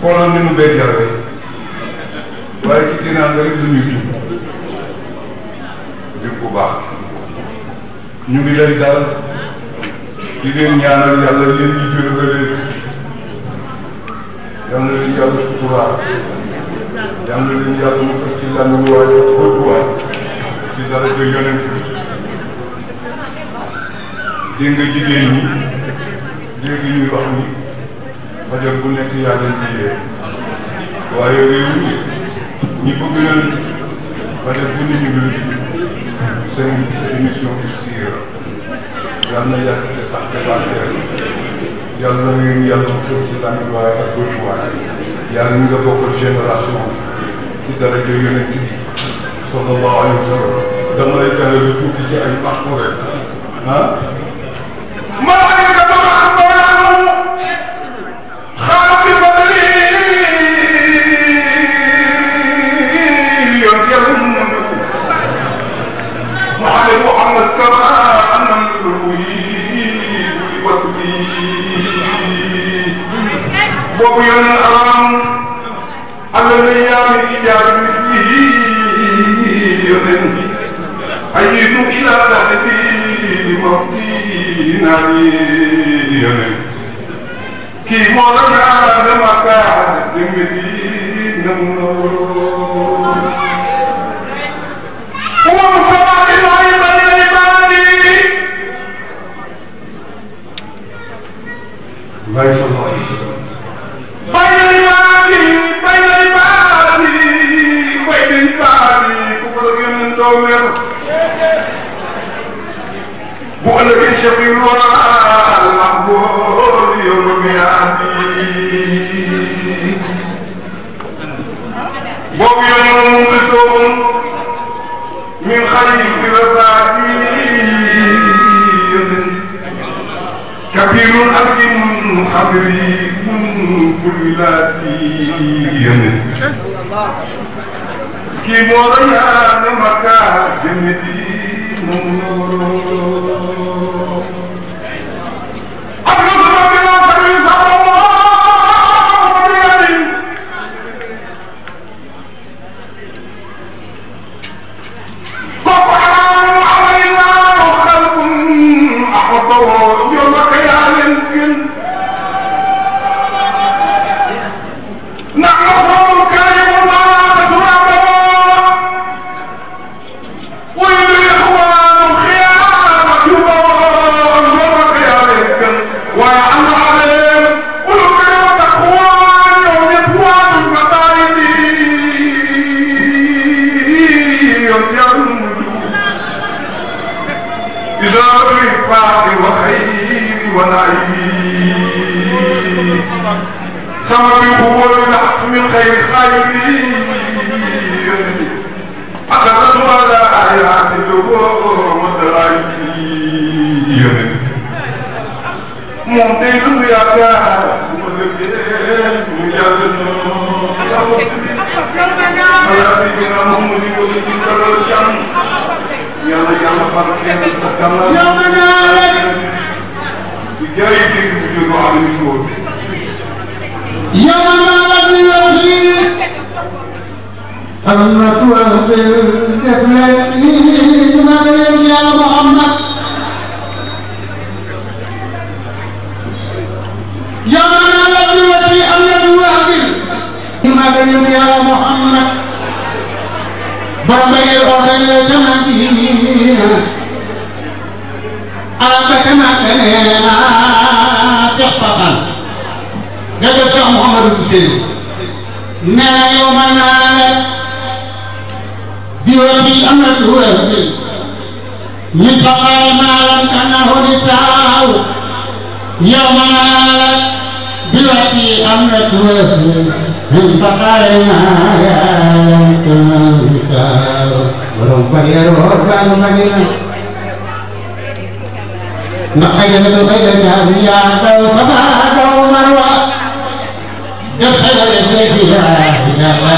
Poland nu vedea vei. Waaye ci dina nga rek lu ñuy tudd di ku baax ñu ngi leen dal di leen ñaanal yàlla yéen ñi jógalee yàlla leen yàlla suturaal yàlla leen yàlla musal rajo bu nekk yaa leen liggéey waaye réew mi ñi bëgg leen rajo bu nit ñi lu seen émission bi siira yal na yàgg sax te barkeel yal na ngeen yàlla xew ci làmmiñ waaye ak bëri waaye yàlla nga bokkal génération ci daraja yonent bi sallallahu alayhi wa sallam dama lay gàllale tuuti ci ay fàq rek ah. bobu yoni alam alal yaa mi ijaar mi fi yoneen ayi tu ila la di di ma fi naa yi na wolo. Uwamu والذي شفيعها المقبول يوم الميعاد بوب يوم منقذهم من خليل بمساعيد كبير أزم في فلاتي كي موريان مكان جمدين NaMo بالرفاق وخير ونعيم سما بالقبول الحق من خير خيرين أخذت على آيات الدور والدرائير moom day dund yaakaar bu ma lëggee mu yàgg noonu. yàlla si ginnaaw moom mu di ko si biir kàlla jàmm. yàlla yàlla barkeel sa kàlla فلما تؤثر كفلتي مريم يا محمد يا من على التي الذي وهب مريم يا محمد برمي الأخير جمدين أردت ما كنينا تحققا قد محمد حسين ما يومنا بجود أمد وهب لتقر مالا أنه لتاه يوم مالك بوفي أمد وهب لتقر مالا أنه لتاه ورب يروح المدينة نقل من غير جاهلية وصفاك ومروى دخل فيها إلى الله